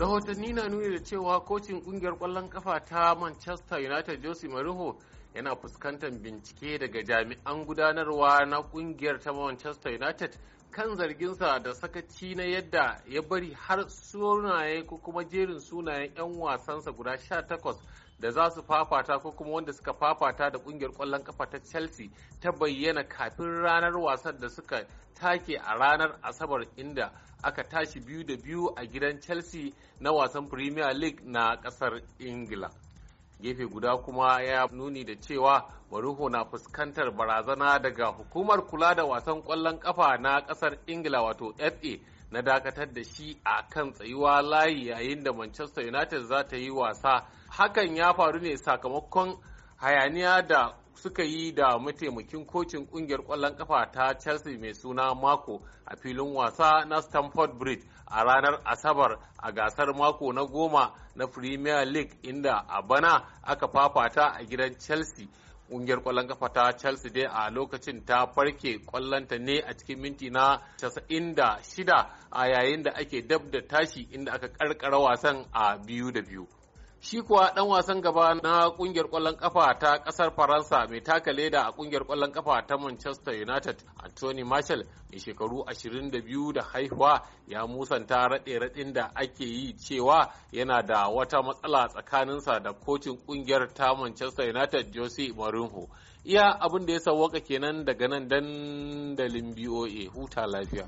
rahotanni na nuna da cewa kocin kungiyar kwallon kafa ta manchester united jose mariho yana fuskantar bincike daga jami'an gudanarwa na kungiyar ta Manchester United kan zarginsa da sakaci na yadda ya bari har sunaye ko kuma jerin sunayen 'yan wasansa guda 18 da za su fafata ko kuma wanda suka fafata da kungiyar kwallon kafa ta Chelsea ta bayyana kafin ranar wasan da suka take a ranar Asabar inda aka tashi biyu da biyu a gidan Chelsea na wasan Premier League na kasar Ingila. gefe guda kuma ya nuni da cewa Maruho na fuskantar barazana daga hukumar kula da wasan kwallon kafa na kasar Ingila wato FA na dakatar da shi a kan tsayuwa layi yayin da Manchester United za ta yi wasa. Hakan ya faru ne sakamakon hayaniya da suka yi da mataimakin kocin kungiyar kwallon kafa ta chelsea mai suna mako a filin wasa na stamford bridge a ranar asabar a gasar mako na goma na premier league inda a bana aka fafata a gidan chelsea kungiyar kwallon kafa ta chelsea dai a lokacin ta farke kwallonta ne a cikin minti na 96 a yayin da ake dab da tashi inda aka karkara wasan a biyu da biyu Shi kuwa ɗan wasan gaba na ƙungiyar kwallon ƙafa ta ƙasar Faransa mai taka leda a ƙungiyar kwallon ƙafa ta Manchester United, Anthony Marshall, mai shekaru 22 da haihuwa ya musanta raɗe radin da ake yi cewa yana da wata matsala tsakaninsa da kocin ƙungiyar ta Manchester United Jose Mourinho. Iya abin da ya sauwaka kenan daga nan dandalin BOA huta lafiya.